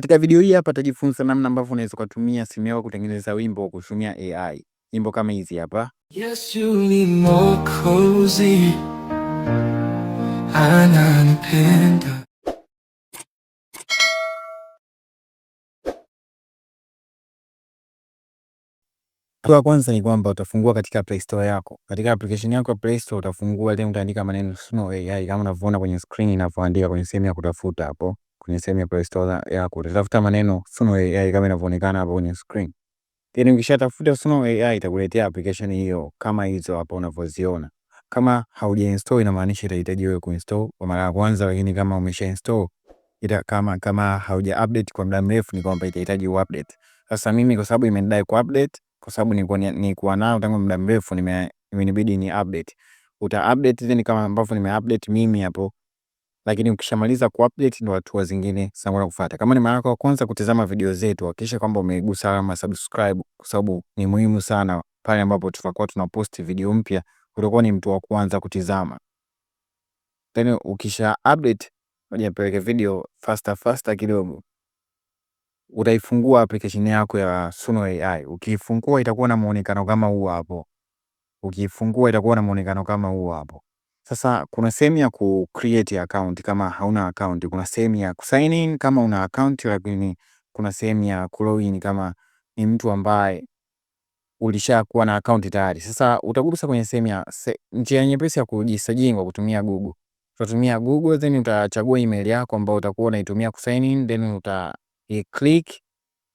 Katika video hii hapa tajifunza namna ambavyo unaweza kutumia simu yako kutengeneza wimbo kwa kutumia AI. Wimbo kama hizi hapa. need ni cozy. ananipenda. Hatua ya kwanza ni kwamba utafungua katika Play Store yako. Katika application yako ya Play Store utafungua, then utaandika maneno Snow AI kama unavyoona kwenye screen inavyoandika kwenye sehemu ya kutafuta hapo kwenye sehemu ya Play Store yako, utatafuta maneno Suno AI kama inavyoonekana hapo kwenye screen. Then yaani ukishatafuta Suno AI itakuletea application hiyo kama hizo hapa unavyoziona. Kama haujainstall inamaanisha itahitaji wewe kuinstall kwa mara ya kwanza, lakini kama umeshainstall ita kama kama hauja update kwa muda mrefu ni kwamba itahitaji update. Sasa mimi kwa sababu imenidai ku update kwa sababu ni nilikuwa nao tangu muda mrefu, nime ni update. Uta update then kama ambavyo nime update mimi hapo lakini ukishamaliza ku update ndo hatua zingine sambamba kufuata. Kama ni mara yako ya kwanza kutazama video zetu, hakikisha kwamba umegusa alama subscribe, kwa sababu ni muhimu sana. Pale ambapo tutakuwa tunapost video mpya, utakuwa ni mtu wa kwanza kutizama. Then ukisha update ujapeleke video faster faster kidogo, utaifungua application yako ya Suno AI. Ukiifungua itakuwa na muonekano kama huu hapo. Ukiifungua itakuwa na muonekano kama huu hapo. Sasa kuna sehemu ya ku create account kama hauna account, kuna sehemu ya ku sign in kama una account, lakini kuna sehemu ya ku login kama ni mtu ambaye ulishakuwa na account tayari. Sasa utagusa kwenye sehemu ya se, njia nyepesi ya kujisajili kwa kutumia Google. Utatumia Google then utachagua email yako ambayo utakuwa unaitumia ku sign in then uta click.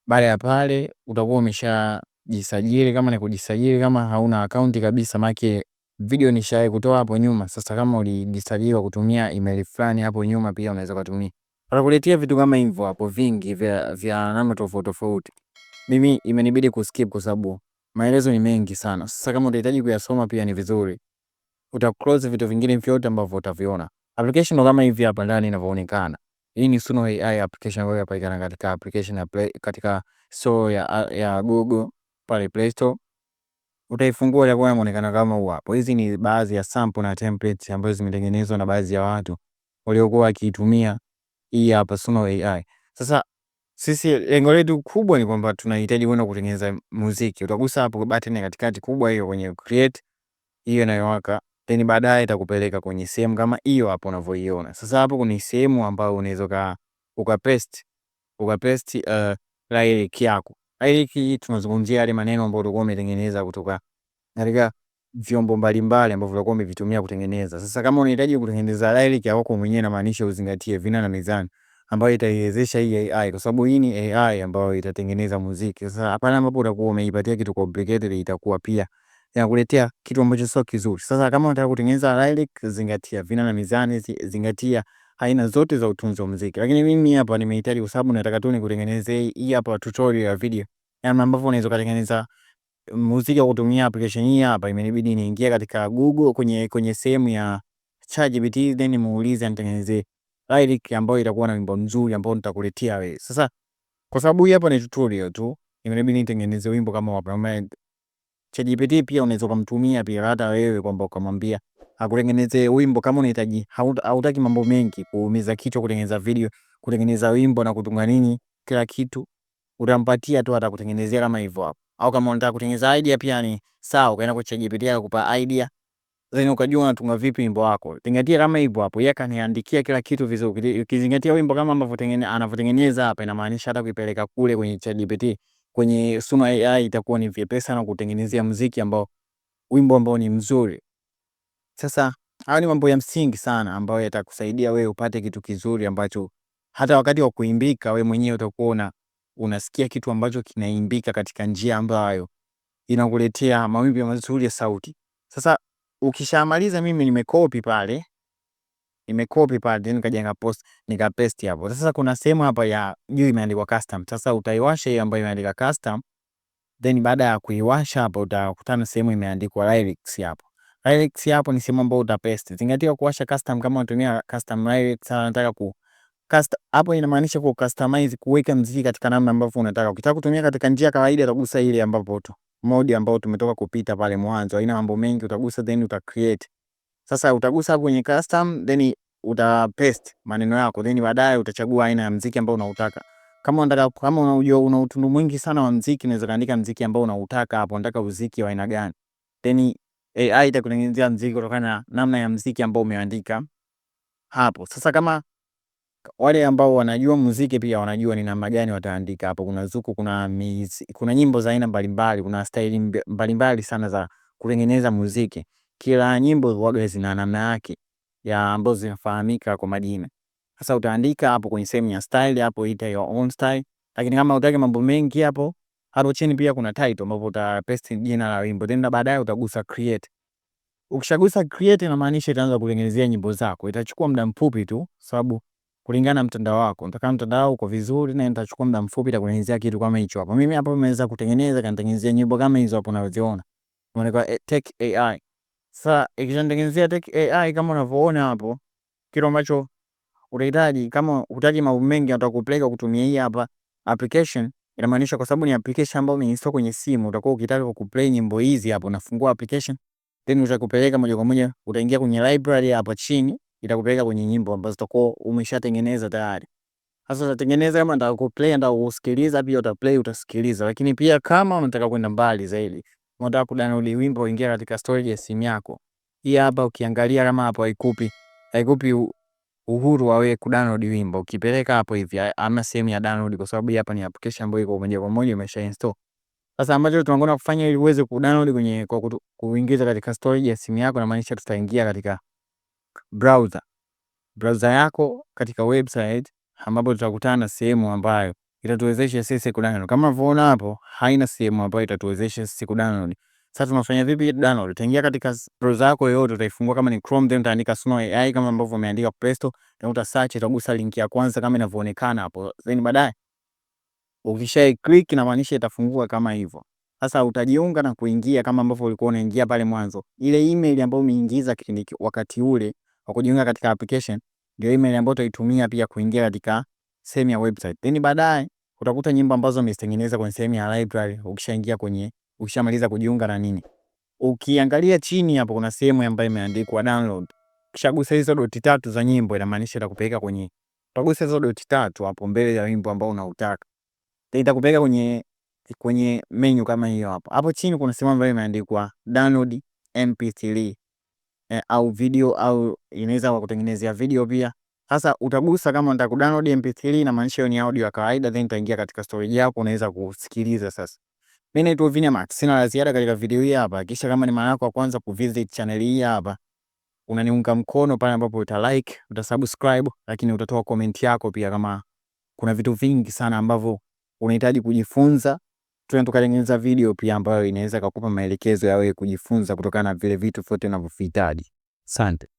Baada ya pale utakuwa umeshajisajili kama ni kujisajili, kama hauna account kabisa make video nishawai kutoa hapo nyuma. Sasa kama ulijisajili kutumia email fulani hapo nyuma, pia unaweza kutumia. Atakuletea vitu kama hivyo hapo vingi vya vya namna tofauti tofauti. Mimi imenibidi kuskip kwa sababu maelezo ni mengi sana. Sasa kama utahitaji kuyasoma pia ni vizuri, Uta close vitu vingine vyote ambavyo utaviona. Application kama hivi hapa ndani inavyoonekana. Hii ni Suno AI application ambayo inapatikana katika application ya play, katika store ya ya Google pale Play Store. Utaifungua itakuwa inaonekana kama huu hapo. Hizi ni baadhi ya sample na templates ambazo zimetengenezwa na baadhi ya watu waliokuwa wakitumia hii hapa Suno AI. Sasa sisi lengo letu kubwa ni kwamba tunahitaji kwenda kutengeneza muziki. Utagusa hapo button ya katikati kubwa hiyo kwenye create hiyo inayowaka, then baadaye itakupeleka kwenye sehemu kama hiyo hapo unavyoiona. Sasa hapo kuna sehemu ambayo unaweza ukapaste ukapaste uh, lyric yako hiki tunazungumzia yale maneno ambayo ulikuwa umetengeneza kutoka katika vyombo mbalimbali ambavyo ulikuwa umevitumia kutengeneza. Sasa kama unahitaji kutengeneza kwa wako mwenyewe, na maanisha uzingatie vina na mizani ambayo itaiwezesha hii AI, kwa sababu hii ni AI ambayo itatengeneza muziki. Sasa hapana, ambapo utakuwa umeipatia kitu complicated, itakuwa pia inakuletea kitu ambacho sio kizuri. Sasa kama unataka kutengeneza dialog, zingatia vina na mizani, zingatia aina zote za utunzi wa muziki. Lakini mimi hapa nimehitaji kwa sababu nataka tu nikutengenezee hii hapa tutorial ya video. Yaani ambavyo unaweza kutengeneza muziki kwa kutumia application hii hapa, imenibidi niingie katika Google kwenye kwenye sehemu ya ChatGPT then muulize anitengenezee lyric ambayo itakuwa na wimbo mzuri ambao nitakuletea wewe. Sasa kwa sababu hii hapa ni tutorial tu, imenibidi nitengeneze wimbo kama hapa. ChatGPT pia unaweza kumtumia pia hata wewe kwamba ukamwambia akutengeneze wimbo kama unahitaji, hautaki mambo mengi, kuumiza kichwa, kutengeneza video, kutengeneza wimbo na kutunga nini, kila kitu utampatia tu, atakutengenezea kama hivyo hapo. Au kama unataka kutengeneza idea pia ni sawa, ukaenda kwa ChatGPT akakupa idea, then ukajua unatunga vipi wimbo wako. Zingatia kama hivyo hapo, yeye kaniandikia kila kitu vizuri. Ukizingatia wimbo kama ambavyo anavyotengeneza hapa, inamaanisha hata kuipeleka kule kwenye ChatGPT kwenye Suma AI itakuwa ni vyepesi sana kutengenezea muziki ambao wimbo ambao ni mzuri. Sasa hayo ni mambo ya msingi sana ambayo yatakusaidia wewe upate kitu kizuri ambacho hata wakati wa kuimbika wewe mwenyewe utakuwa una unasikia kitu ambacho kinaimbika katika njia ambayo inakuletea mawimbi mazuri ya sauti. Sasa ukishamaliza, mimi nimekopi pale, nimekopi pale then nikaja nikapost nikapaste hapo. Sasa kuna sehemu hapa ya juu imeandikwa custom. Sasa utaiwasha hiyo ambayo imeandikwa custom, then baada ya kuiwasha hapo utakutana sehemu imeandikwa lyrics hapo. Regex hapo ni sehemu ambayo utapaste. Zingatia kuwasha custom kama unatumia custom regex unataka ku custom hapo inamaanisha ku customize kuweka mziki katika namna ambavyo unataka. Ukitaka kutumia katika njia kawaida utagusa ile ambapo tu mode ambayo tumetoka kupita pale mwanzo. Haina mambo mengi utagusa then uta create. Sasa utagusa hapo kwenye custom then uta paste maneno yako then baadaye utachagua aina ya muziki ambao unautaka. Kama unataka kama unajua una utundu mwingi sana wa mziki unaweza kaandika muziki ambao unautaka hapo, unataka muziki wa aina gani. Then AI itakutengenezea mziki kutokana na namna ya mziki ambao umeandika hapo. Sasa kama wale ambao wanajua muziki pia wanajua ni namna gani wataandika hapo. Kuna zuku, kuna mizi, kuna nyimbo za aina mbalimbali, kuna staili mbalimbali sana za kutengeneza muziki. Kila nyimbo huwaga zina namna yake ya ambazo zinafahamika kwa majina. Sasa utaandika hapo kwenye sehemu ya style hapo, ita your own style, lakini kama utaki mambo mengi hapo hapo chini pia kuna title ambapo uta paste jina la wimbo, then baadaye utagusa create. Ukishagusa create, inamaanisha itaanza kutengenezea nyimbo zako. Itachukua muda mfupi tu, sababu kulingana na mtandao wako, nataka mtandao uko vizuri, na itachukua muda mfupi ta kutengenezea kitu kama hicho hapo. Mimi hapo nimeweza kutengeneza, kanitengenezea nyimbo kama hizo hapo unaziona, inaitwa Tech AI. Sasa ikishanitengenezea Tech AI kama unavyoona hapo, kile ambacho utahitaji kama utahitaji mambo mengi, atakupeleka kutumia hii hapa application Inamaanisha kwa sababu ni application ambayo umeinstall kwenye simu, utakuwa ukitaka kuplay nyimbo hizi hapo, unafungua application then utakupeleka moja kwa moja, utaingia kwenye library hapo chini, itakupeleka kwenye nyimbo ambazo utakuwa umeshatengeneza tayari. Sasa utatengeneza kama unataka kuplay na usikiliza, pia utaplay utasikiliza, lakini pia kama unataka kwenda mbali zaidi, unataka kudownload wimbo, ingia katika storage ya simu yako. Hii hapa ukiangalia kama hapo haikupi haikupi uhuru wa wewe kudownload wimbo. Ukipeleka hapo hivi ama sehemu ya download, kwa sababu hapa ni application ambayo iko moja kwa moja imesha install. Sasa ambacho tunakwenda kufanya ili uweze kudownload kwenye kwa kuingiza katika storage ya simu yako, na maanisha tutaingia katika browser browser yako katika website ambapo tutakutana na sehemu ambayo itatuwezesha sisi kudownload. Kama unavyoona hapo, haina sehemu ambayo itatuwezesha sisi kudownload. Sasa tunafanya vipi download? Utaingia katika browser yako yoyote, utaifungua kama ni Chrome, then utaandika Snow AI kama ambavyo umeandika Play Store, then uta search, utagusa link ya kwanza kama inavyoonekana hapo. Then baadaye ukisha click, inamaanisha itafungua kama hivyo. Sasa utajiunga na kuingia kama ambavyo ulikuwa unaingia pale mwanzo. Ile email ambayo umeingiza kipindi wakati ule wa kujiunga katika application ndio email ambayo utaitumia pia kuingia katika sehemu ya website. Then baadaye utakuta nyimbo ambazo umezitengeneza kwenye sehemu ya library ukishaingia kwenye ukishamaliza kujiunga na nini. Ukiangalia chini hapo kuna sehemu ambayo imeandikwa download. Ukishagusa hizo doti tatu za nyimbo inamaanisha itakupeleka kwenye, utagusa hizo doti tatu hapo mbele ya wimbo ambao unautaka. Itakupeleka kwenye kwenye menu kama hiyo hapo. Hapo chini kuna sehemu ambayo imeandikwa download mp3 e, eh, au video au inaweza kwa kutengenezea video pia. Sasa utagusa kama unataka download mp3 na maanisha hiyo ni audio ya kawaida, then utaingia katika storage yako, unaweza kusikiliza sasa. Mimi naitwa Max, sina la ziada katika video hii hapa. Kisha kama ni mara yako ya kwanza kuvisit channel hii hapa, unaniunga mkono pale ambapo uta like, uta subscribe, lakini utatoa comment yako pia kama kuna vitu vingi sana ambavyo unahitaji kujifunza. tuna tukatengeneza video pia ambayo inaweza kukupa maelekezo ya wewe kujifunza kutokana na vile vitu vyote unavyohitaji. Asante.